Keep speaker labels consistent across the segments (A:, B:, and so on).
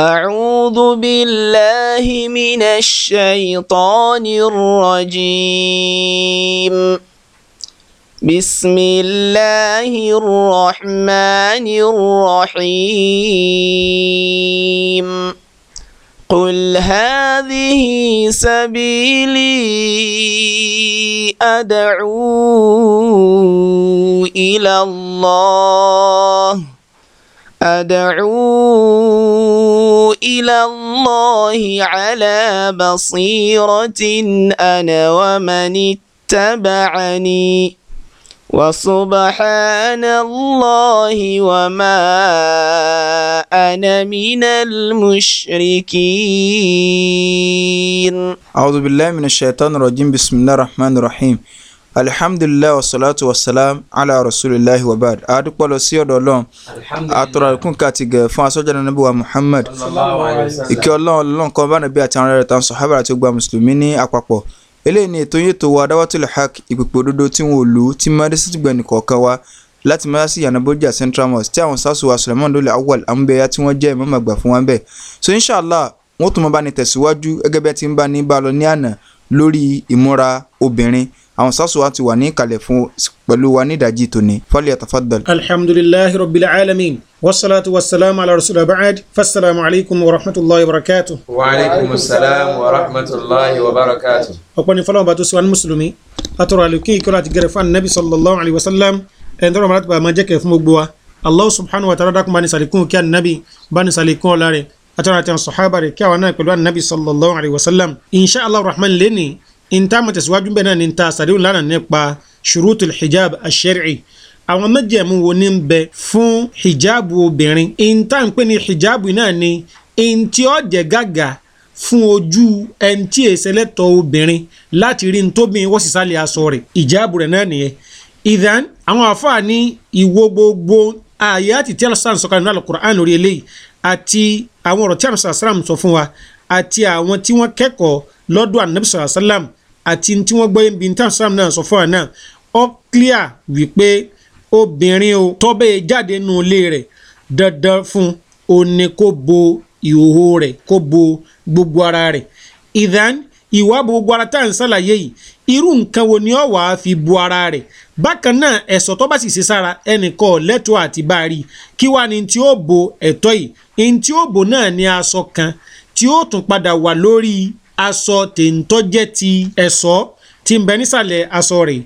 A: أعوذ بالله من الشيطان الرجيم بسم الله الرحمن الرحيم قل هذه سبيلي أدعو إلى الله أدعو إلى الله على بصيرة أنا ومن اتبعني وسبحان الله وما أنا من المشركين أعوذ بالله من الشيطان الرجيم بسم الله الرحمن الرحيم alihamdulilayi wasalaatu wasalaam ala rasulilayi wabad adúpẹ́ lọ sí ọ̀dọ̀ ọlọ́run atọ́rọ̀ àdìkún káàtì gẹ̀ fún asọ́jà náà níbo wa muhammad ìkẹ́ ọlọ́run ọlọ́run kan bá nàbí àti àwọn ẹ̀rọ tán sọ̀hábà àti gba mùsùlùmí ní àpapọ̀ eléyìí ni ètò yìí tó wa dáwọ́tòlù haq ìpèpè òdodo tí wọn ò lù ú tí mẹ́rẹ́sì ti gbẹ̀ nìkọ̀ọ̀kan wa láti mẹ́rẹ́sì yànnàbójà central mosque tí àwọn sars wa suleiman dole awal amúbẹ́yà tí wọ́n jẹ́ ìmọ̀ọ́mọ̀ àgbà fún wọn bẹ́ẹ̀ so inshallah wọ́n tún máa bá ní tẹ̀síwájú gẹ́gẹ́ bí ti ń bá ní bá lọ ní àná lórí ìmúra obìnrin àwọn sásùwà ti wà ní kalẹ̀ fún pẹ̀lú wa ní ìdajì tòní falyatafaddal.
B: alhamdulilayi rabbil alamin wasalaatu wasalaamu ala rasulillah baad fasalaamu alaykum wa rahmatulahi wa barakatu. wa aleykum salaam wa
A: rahmatulahi wa barakatu.
B: ọ̀pọ̀ ni fọlọ́wọ́n bá tó siwani mùsùlùmí àtọ̀rọ̀ àlùkí ìkọlù àti gẹrẹ fún anabi sallallahu alayhi wa sallam ẹni tọrọ màlá ti bàá máa jẹ́ kẹ́ fún gbogbo wa allahu subhanahu wa ta'ala dákun bá ní sàlìkún kí anabi bá ní sàlìkún ọ̀la rẹ̀ àtọ̀rọ̀ àti àwọn sọ̀hábà rẹ̀ kí àwọn náà pẹ̀lú anabi sallallahu alayhi wa sallam insha allah rahman lẹ́ni ìntà àmọ̀tẹ̀síwájú bẹ́ẹ̀ náà ní ìntà sàdéhùn lánàá nípa ṣùrùtùl hijab ash-shar'i àwọn májẹ̀mú wo ní ń bẹ fún hijab obìnrin ìntà ń pè ní hijab náà ni ìntì ó jẹ́ gàgà fún ojú ẹni tí èsẹ̀lẹ̀tọ̀ obìnrin láti rí ntóbìn wọ́n sì sálẹ̀ aṣọ rẹ̀ hijab rẹ̀ náà nìyẹn ìdán àwọn àfáà ní ìwo gbogbo ààyè àti tí alásán sọ̀kalẹ̀ nínú Al-Qur'an eléyìí àti àwọn ọ̀rọ̀ tí alásán sọ fún wa àti àwọn tí wọ́n kẹ́kọ̀ọ́ lọ́dọ̀ ànábì àti tí wọ́n gbọ́ ibi tí sam náà sọ fún ọ náà clear wípé obìnrin o tọ́bẹ̀ jáde nù ilé rẹ̀ dandan fún o ní kó bo ìhòòhò rẹ̀ kó bo gbogbo ara rẹ̀ ìdán ìwà gbogbo ara tá à ń ṣàlàyé yìí irú nǹkan wo ni ó wàá fi bo ara rẹ̀ bákan náà ẹ̀sọ́ tó bá sì ṣe sára ẹnìkan lẹ́tọ̀ọ́ àti bá a rí kí wàá ní tí ó bo ẹ̀tọ́ yìí ní tí ó bo náà ni aṣọ kan tí ó tún padà wà lórí aṣọ tèǹtọ́jẹ́ ti ẹ̀ṣọ́ tí ń bẹ nísàlẹ̀ aṣọ rẹ̀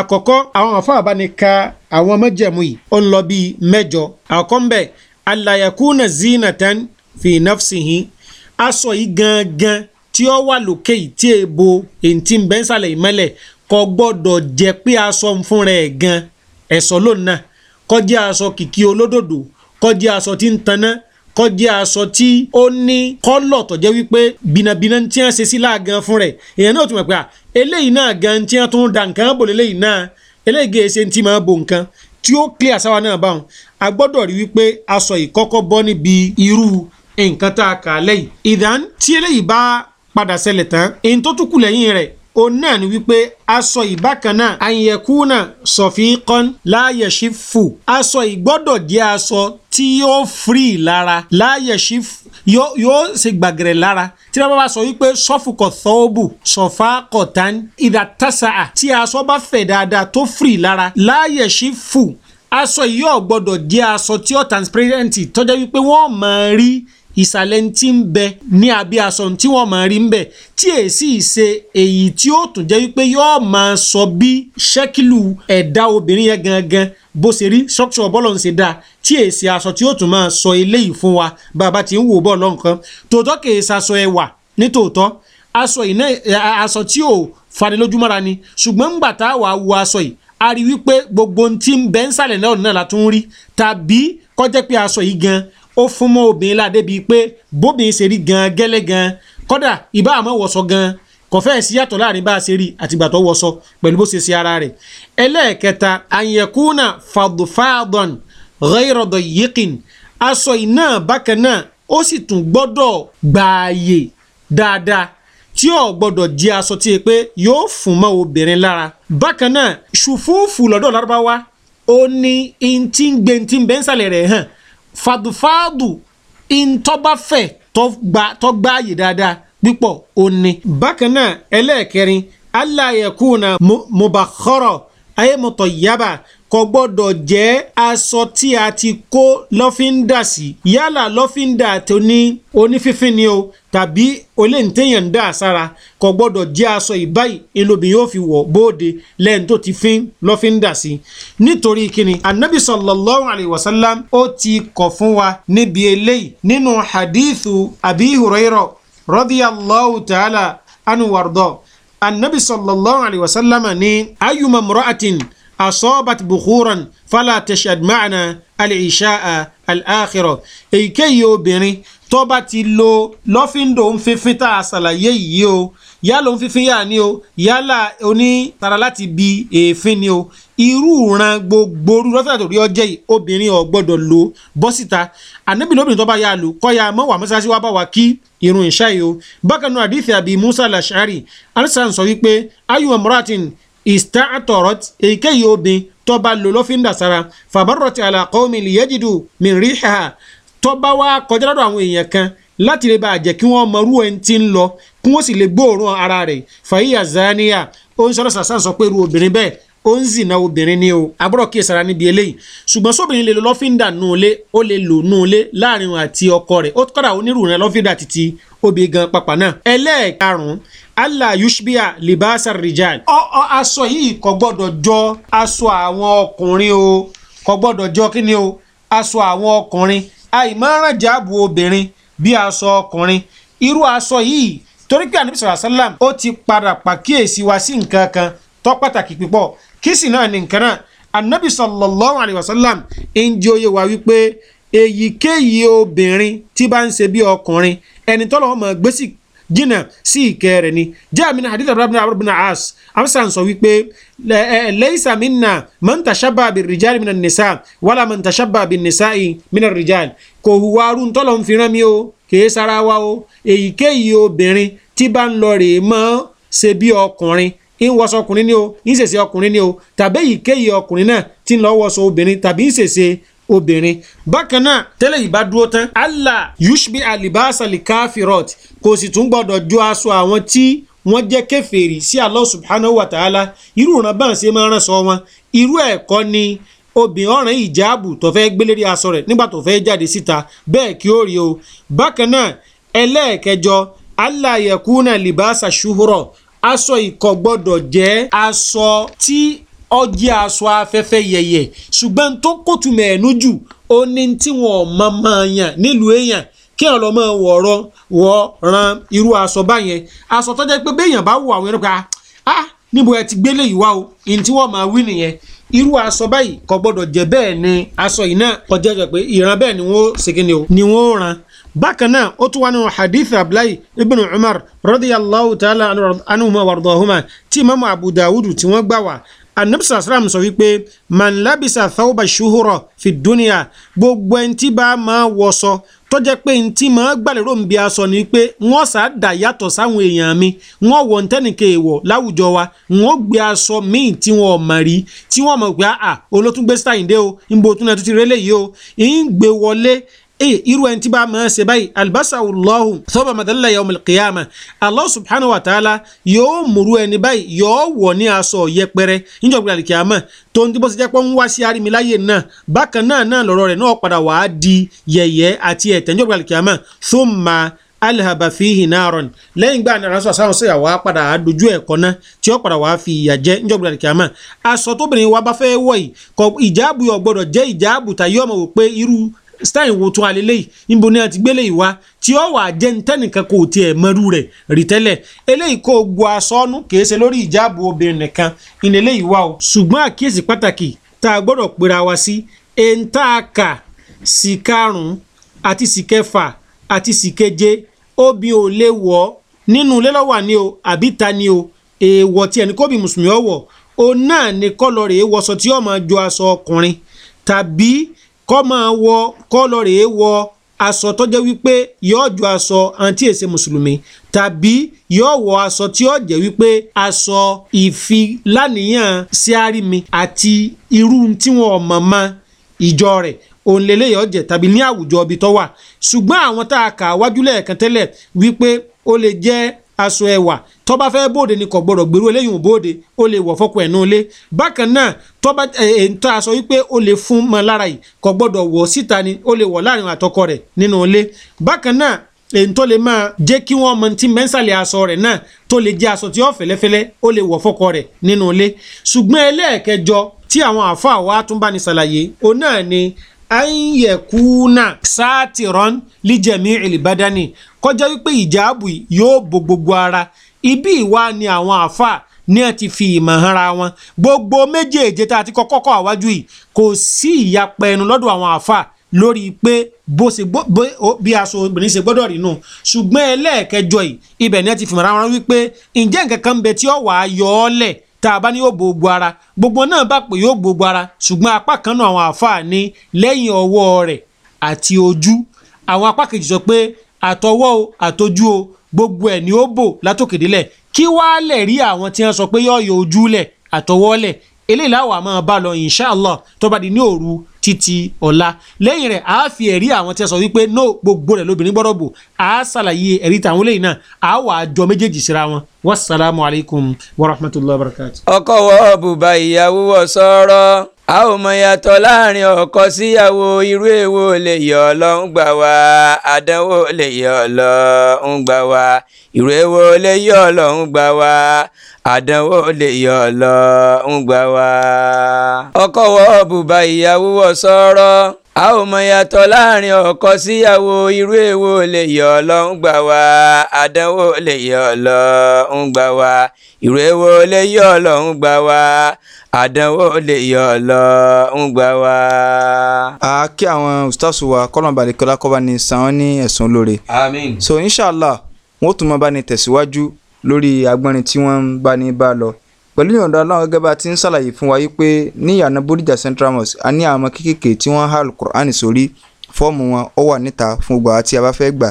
B: àkọ́kọ́ àwọn àfáà bá ní ka àwọn mẹ́jẹ̀mú yìí ó ń lọ bíi mẹ́jọ àkọ́kọ́ ń bẹ alayakuna zinatan fi nafsihi aṣọ yìí gangan tí ó wà lókè yìí tí èèbo èyí tí ń bẹ nísàlẹ̀ ìmẹ́lẹ̀ kò gbọ́dọ̀ jẹ́ pé aṣọ ń fún rẹ̀ gan ẹ̀ṣọ́ lónìí náà kó jẹ́ aṣọ kìkì olódòdó kó jẹ́ aṣọ tí ń taná kó jẹ́ aṣọ tí ó ní kọ́lọ̀ tó jẹ́ wípé bìnàbìnà tí wọ́n ṣe sí láàgan fún rẹ̀ èèyàn náà tún mọ̀ pé à eléyìí náà gan tí wọ́n tún da nǹkan bò léyìí náà eléyìí gé ṣe ti máa bò nǹkan tí ó clear sáwa náà báwọn a gbọ́dọ̀ rí wípé aṣọ ìkọ́kọ́ bọ́ níbi irú nǹkan tá a kà á lẹ́yìn ìdán tí eléyìí bá padà ṣẹlẹ̀ tán èyí tó tún kù lẹ́yìn rẹ̀ òun náà ni wípé aṣọ ìbákan náà àyẹ̀kúnà sọ̀fíkọ́n láàyè ṣífù aṣọ ìgbọ́dọ̀ jẹ́ aṣọ tí yóò firi lára láàyè ṣífù yóò ṣe gbàgẹ̀rẹ̀ lára tí wọ́n bá sọ wípé sọ́fùkọ̀ thọ́ọ̀bù sọ̀fà kọ̀tán ìdàtàṣà tí aṣọ bá fẹ̀ dáadáa tó firi lára láàyè ṣífù aṣọ yìí ò gbọ́dọ̀ jẹ́ aṣọ tí ó transparent tó wípé wọ́n máa rí ìsàlẹ̀ ti ń bẹ ní abẹ́ aṣọ tí wọ́n máa rí ń bẹ tí èsì ṣe èyí tí ó tún jẹ́ wípé yóò máa sọ bí ṣẹ́kìlù ẹ̀dá obìnrin yẹn gangan bó ṣe rí structure bọ́ọ̀lù ń ṣe dáa tí èsì aṣọ tí ó tún máa sọ eléyìí fún wa bàbá tí ń wò bọ́ọ̀lù nǹkan tòótọ́ kìí ṣaṣọ ẹwà nítòótọ́ aṣọ ìná aṣọ tí ò fanilójúmọ́ra ni ṣùgbọ́n ńgbà tá a wà wo aṣọ yìí a rí wípé gbogbo ohun ń bẹ náà náà la tún rí tàbí kọjá pé aṣọ yìí gan ó fún mọ́ obìnrin ládé bíi pé bóbìnrin ṣe rí gan gẹ́lẹ́ gan kódà ìbá àmọ́ wọ̀sọ gan kò fẹ́ẹ̀ sí yàtọ̀ láàrin bá a ṣe rí àtìgbà tó wọ̀sọ pẹ̀lú bó ṣe ṣe ara rẹ̀ ẹlẹ́ẹ̀kẹta àyẹ̀kúnà fàdùfàdùn rẹ́rọ̀dọ̀ yíkìn aṣọ iná bákan náà ó sì tún gbọ́dọ̀ gbààyè dáadáa tí ò gbọ́dọ̀ jẹ́ aṣọ tí e pé yóò fún mọ́ obìnrin lára bákan náà ṣùfúùfù lọ́dọ̀ lárúbáwá ó ní ntí ń gbé ntí ń bẹ́ńsàlẹ̀ rẹ̀ hàn fàdùfàdù ìntọ́báfẹ̀ tó gba ààyè dáadáa pípọ̀ òní. bákan náà ẹlẹ́ẹ̀kẹrin aláyẹ̀kùnà mubakhara ayé mọ̀tọ̀ yaba kò gbọ́dọ̀ jẹ́ aṣọ tí a ti kó lọ́fíńdà sí yálà lọ́fíńdà tó ní onífífín ni o tàbí olóńtéèyàn ń dà sára kò gbọ́dọ̀ jẹ́ aṣọ ìbáyìí elóbìn yóò fi wọ̀ bóde lẹ́yìn tó ti fín lọ́fíńdà sí. nítorí kíni anabi sallallahu alayhi wa sallam ó ti kọ̀ fún wa níbi eléyìí nínú hadithu abi hurayra radiyallahu ta'ala anu anabi sallallahu alayhi wa sallam ní ayuma mura'atin asọ́bàtì bukhuran fala tashad ma'ana al-isha'a al-akhirah èyíkéyìí obìnrin tó bá ti lo lọ́fíńdò ń fífín tá a ṣàlàyé yìí o yálà ń fífín yà ni o yálà onítara láti bi èéfín ni o irú ìran gbogbo orú lọ́fíńdò tó rí ọjẹ́ yìí obìnrin ò gbọ́dọ̀ lo bọ́ síta ànábì lóbìnrin tó bá yà lò kọ́ ya mọ́ wà mọ́sálásí wá bá wa kí irun ìṣá yìí o bákan náà àdìsí àbí Musa al-Ash'ari sọ wípé ayu amratin ìsítàtọ̀rọ̀t èyíkéyìí obìn tó bá lò lọ́fíńdà sára fàbárọ̀tì àlàkọ́ mi lìyẹ́jìdù mi rí ha tó bá wá kọjá lọ́dọ̀ àwọn èèyàn kan láti lè bá jẹ́ kí wọ́n mọrú ẹni tí ń lọ kí wọ́n sì lè gbóòórùn ara rẹ̀ fàyíyà zaniya ó ń sọ̀rọ̀ sàṣà sọ pé irú obìnrin bẹ́ẹ̀ ó ń zìnà obìnrin ni o àbúrò kí sara níbi eléyìí ṣùgbọ́n sóbìnrin lè lo lọ́fíńdà ó lè lò nù láàrin àti ọkọ rẹ̀ ó kọ́ra onírúurẹ́ lọ́fíńdà títí obì gan pàpà náà. ẹlẹ́ẹ̀karùn-ún allah yushbia libasa rijal. ọ ọ aṣọ yìí kò gbọ́dọ̀ jọ aṣọ àwọn ọkùnrin o kò gbọ́dọ̀ jọ kí ni o aṣọ àwọn ọkùnrin àìmọ́ràn jáàbù obìnrin bí aṣọ ọkùnrin irú aṣọ yìí torí pé àníbi sọ̀rọ̀ sálàm ó ti padà pàkíyèsí wa sí nǹkan kan tó pàtàkì púpọ̀ kí sì náà ní nǹkan náà ànábì sallallahu alaihi wasallam ń jẹ́ òye wa wípé èyíkéyìí obìnrin tí bá ń ṣe bí ọkùnrin ẹni tọ́lọ̀ ọmọ gbèsè jìnnà sí ìkẹ́ rẹ̀ ni jẹ́ àmì náà hadith abdulhamid abdulhamid as amsan sọ wípé lẹ́yìísà minna mọ̀ntà sábà bí rìjàl mi náà nìsá wàlà mọ̀ntà sábà bí nìsá yìí mi náà kò hùwà arún tọ́lọ̀ ń fìràn mi o kìí sara wa o èyíkéyìí obìnrin tí bá ń lọ rèé mọ́ ṣe bí ọkùnrin ń wọṣọ ọkùnrin ni o ń ṣèṣe ọkùnrin ni o tàbí èyíkéyìí ọkùnrin náà tí ń lọ wọṣọ obìnrin tàbí ń ṣèṣe obìnrin bákan náà tẹ́lẹ̀ yìí bá dúró tán allah yushbi alibasa likafirot kò sì tún gbọ́dọ̀ jó aṣọ àwọn tí wọ́n jẹ́ kèfèrí sí allah subhanahu wa ta'ala irú ìran bá ń ṣe máa rán sọ wọn irú ẹ̀kọ́ ni obìnrin ọ̀ràn ìjáàbù tó fẹ́ gbélé rí aṣọ rẹ̀ nígbà tó fẹ́ jáde síta bẹ́ẹ̀ kí ó rí o bákan náà ẹlẹ́ẹ̀kẹjọ allah yakuna libasa shuhuro aṣọ ìkọ̀ gbọ́dọ̀ jẹ́ aṣọ tí ọjẹ́ aṣọ afẹ́fẹ́ yẹyẹ ṣùgbọ́n tó kòtùmọ̀ ẹ̀nu jù ó ní tí wọn mọ mọ yàn nílùú èèyàn kí wọn lọ mọ wọ̀ọ́rọ́ wọ ran irú aṣọ báyẹn aṣọ tó pé béèyàn bá wọ àwọn ẹ̀rọ ah, ah níbo ẹ ti gbélé yìí wá o ní tí wọn máa wí nìyẹn irú aṣọ báyìí kò gbọdọ̀ jẹ́ bẹ́ẹ̀ ni aṣọ yìí náà kọjá jọ pé ìran bẹ́ẹ̀ ni wọ́n ṣèkínni o ni wọ́n ran bákan náà ó tún wá nínú hadith abdullahi ibn umar radiyallahu ta'ala anuma wardahuma tí imaamu abu dawudu tí wọ́n gbà wá anabisa asram sọ wípé man labisa thawba shuhura fi dunya gbogbo ẹni tí bá máa wọṣọ tó jẹ́ pé ní tí màá gbàlérò ń bi aṣọ ni pé wọ́n sá dà yàtọ̀ sáwọn èèyàn mi wọ́n wọ̀ ntẹ́nìkẹ́ èèwọ̀ láwùjọ wa wọ́n gbé aṣọ míì tí wọ́n mọ̀ rí tí wọ́n mọ̀ pé àà ah, olótúngbé stein dé o nbọ̀ tún ti rélé yìí o ń gbé wọlé ee eh, irú ẹni tí bá máa ṣe báyìí albasahu lọ́hùn sọ́ba madalla yawm al-qiyama allah subhanahu wa ta'ala yóò múru ẹni báyìí yóò wọ̀ ní aṣọ yẹpẹrẹ níjọba alikiyama tó ń dìbò sí jẹ́pọ̀ ń wá sí arimiláyè náà bákan náà náà lọ́rọ̀ rẹ̀ náà padà wàá di yẹ̀yẹ́ àti ẹ̀tẹ̀ níjọba alikiyama thumma alihaba fihi naaron lẹ́yìn gbà náà ránṣọ àṣàrùn sèyà wàá padà dojú ẹ̀kọ́ náà tí ó padà wàá fi ìyà jẹ níjọba kìámà aṣọ tóbìnrin wa bá fẹ́ wọ̀ yìí kọ ìjáàbù yọ gbọ́dọ̀ jẹ́ ìjáàbù tàyí wò pé irú stein wo tún alẹ́lẹ́ yìí níbo ni a ti gbélé yìí wá tí ó wà jẹ́ ntẹ́nìkan kò tiẹ̀ mẹ́rú rẹ̀ rí tẹ́lẹ̀ eléyìí kò gbu asọ́nù kìí ṣe lórí ìjáàbò obìnrin nìkan ìnìlẹ̀ yìí wá o ṣùgbọ́n àkíyèsí pàtàkì tá a gbọ́dọ̀ pera wa sí èntà àkà sì karùn-ún àti sì kẹfà àti sì keje obì ò lè wọ̀ nínú ilé ló o àbí ta ni o èèwọ̀ tí ẹni kóbi mùsùlùmí ọ̀wọ̀ òun náà ni kọ́lọ̀ rèé wọṣọ tí ó máa jọ aṣọ ọkùnrin tàbí kọ́ máa wọ kọ́ lọ rèé wọ aṣọ tó jẹ́ wípé yóò ju aṣọ àǹtí èsè mùsùlùmí tàbí yóò wọ aṣọ tí yóò jẹ́ wípé aṣọ ìfiláníyàn síárì mi àti irú tí wọn mọ̀ mọ́ ìjọ rẹ̀ òun lélẹ́yọ̀ tàbí ní àwùjọ ibi tó wà ṣùgbọ́n àwọn tá a kà wájú lẹ́ẹ̀kan tẹ́lẹ̀ wípé ó lè jẹ́ aṣọ ẹwà tó bá bóde ni kò gbọ́dọ̀ gbèrú eléyìí ò bóde ó lè wọ̀ fọ́kọ ẹ̀nú ilé bákan náà tó bá ètò aṣọ wípé ó lè fún mọ́ lára yìí kò gbọ́dọ̀ wọ̀ síta ni ó lè wọ̀ láàrin àtọkọ rẹ̀ nínú ilé bákan náà èyí tó lè máa jẹ́ kí wọ́n mọ ti mẹ́sàlẹ̀ aṣọ rẹ̀ náà tó lè jẹ́ aṣọ tí ó fẹ́lẹ́fẹ́lẹ́ ó lè wọ̀ fọ́kọ rẹ̀ nínú ilé ṣùgbọ́n ẹlẹ́ẹ̀kẹjọ tí àwọn àáfàá wa tún bá ní ṣàlàyé òun náà ni an yakuna satiran li jami'il badani kọjá wípé ìjáàbù yóò bo gbogbo ara ibi ìwà ni àwọn àáfàá ní ẹ ti fi ìmọ̀ hanra wọn gbogbo méjèèje tá a ti kọ́kọ́ kọ́ àwájú yìí kò sí ìyapa ẹnu lọ́dọ̀ àwọn àáfàá lórí pé bó ṣe bí aṣọ obìnrin ṣe gbọ́dọ̀ rí nù ṣùgbọ́n ẹlẹ́ẹ̀kẹjọ yìí ibẹ̀ ni ẹ ti fi ìmọ̀ wọn wípé ǹjẹ́ nǹkan kan ń bẹ tí ó wàá yọ ọ́ lẹ̀ tá a bá ní yóò bo gbogbo ara gbogbo náà bá pè yóò gbogbo ara ṣùgbọ́n apá kan náà àwọn àáfàá ní lẹ́yìn ọwọ́ rẹ̀ àti ojú àwọn apá kejì sọ pé àtọwọ́ o àtọjú o gbogbo ẹ̀ ni ó bò látòkèdélẹ̀ kí wàá lẹ̀ rí àwọn tí wọ́n sọ pé yóò ojú lẹ̀ àtọwọ́ lẹ̀ eléyìí láwàá máa bá lọ insha Allah tó bá di ní òru títí ọ̀la lẹ́yìn rẹ̀ a fi ẹ̀rí àwọn tí a sọ wípé no gbogbo rẹ̀ lóbìnrin gbọ́dọ̀ bò a ṣàlàyé ẹ̀rí tàwọn lẹ́yìn náà a wà á jọ méjèèjì síra wọn alaykum wa rahmatulahi wa barakatu. ọkọ wọ bùbá ìyàwó wọ sọ̀rọ̀ a ò mọ yàtọ̀ láàrin
A: ọkọ síyàwó irú èwo lè yọ ọlọ́run gbà wá àdánwò lè yọ ọlọ́run gbà wá irú èwo lè yọ ọlọ́run gbà wá àdánwò lè yọ ọlọ́run gbà wá. ọkọ wọ bùbá ìyàwó wọ sọ̀rọ̀ a ò mọ yàtọ̀ láàrin ọkọ síyàwó irú èwo lè yọ ọlọ́run gbà wá àdánwò lè yọ ọlọ́run gbà wá irú èwo lè yọ ọlọ́run gbà wá àdánwò lè yọ ọlọ́run gbà wá. a kí àwọn ustaṣu wa kọ́lọ̀ balẹ̀kọ́lá kọ́ba ní sàn ní ẹ̀sùn lóore. àmín. so inshallah wọn ó tún máa bá ní tẹ̀síwájú lórí agbọ́nrin tí wọ́n ń bá ní bá lọ pẹ̀lú ìyọ̀ǹda ọlọ́run gẹ́gẹ́ bá a ti ń ṣàlàyé fún wa yìí pé ní ìyànà bódìjà central mosque a ní àwọn ọmọ kéékèèké tí wọ́n há alukur'an sórí fọ́ọ̀mù wọn ó wà níta fún gbogbo àti a gbà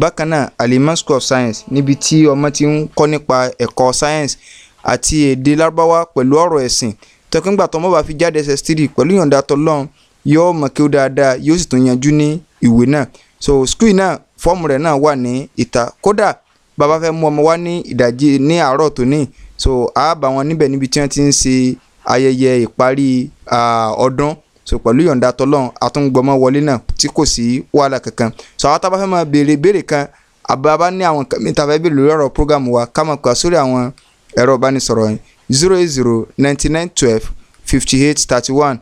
A: bákan náà al School of Science níbi tí ọmọ ti ń kọ́ nípa ẹ̀kọ́ science àti èdè lárúbáwá pẹ̀lú ọ̀rọ̀ ẹ̀sìn tọkíngbà tó mọ́ bá fi jáde ss3 pẹ̀lú ìyọ̀ǹda tọlọ́run yóò mọ̀ kí ó dáadáa yóò sì tún yanjú ní ìwé náà so school náà fọ́ọ̀mù rẹ̀ náà wà ní ìta kódà bàbá fẹ́ mú ọmọ wá ní ìdajì ní àárọ̀ tòní so a bá wọn níbẹ̀ níbi tí wọ́n ti ń ṣe ayẹyẹ ìparí ọdún so pẹ̀lú yọ̀ǹda tọ́lọ́n àtúngbọmọ wọlé náà tí kò sí wàhálà kankan so àwọn tá a bá fẹ́ máa béèrè béèrè kan àbábá ní àwọn mìta fẹ́ béèrè lórí ọ̀rọ̀ program wa ká máa kà sórí àwọn ẹ̀rọ ìbánisọ̀rọ̀ yìí zero eight zero ninety nine twelve fifty eight thirty one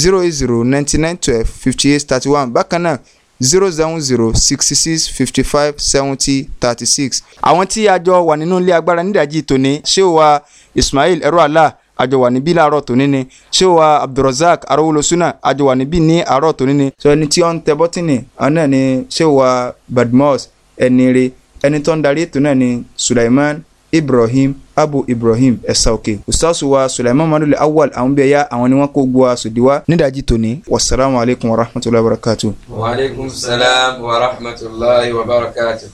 A: zero eight zero ninety nine twelve fifty eight thirty one bákan náà zero seven zero sixty six fifty five seventy thirty six. àwọn tí a jọ wà nínú ilé agbára nídàjí tòní ṣé o wa Ismail ẹrú àlá àjọ wà níbí láàárọ̀ tòní ni ṣé o wa Abdulrasaq arówólosúnà àjọ wà níbí ní àárọ̀ tòní ni. sọ ẹni tí ó ń tẹ bọ́tìnì àwọn náà ni ṣé o wa Badmus ẹni rè ẹni tó ń darí ètò náà ni Sulaiman Ibrahim abu ibrahim ẹ̀sà òkè ustaasu wa sulaiman madule awal àwọn bẹ́ẹ̀ yá àwọn ni wọ́n kó gbọ́ aṣọ diwa nídàájí tòní wasalaamualeykum wa rahmatulahi wa barakatu.
B: wa aleykum salaam wa rahmatulahi wa barakatu.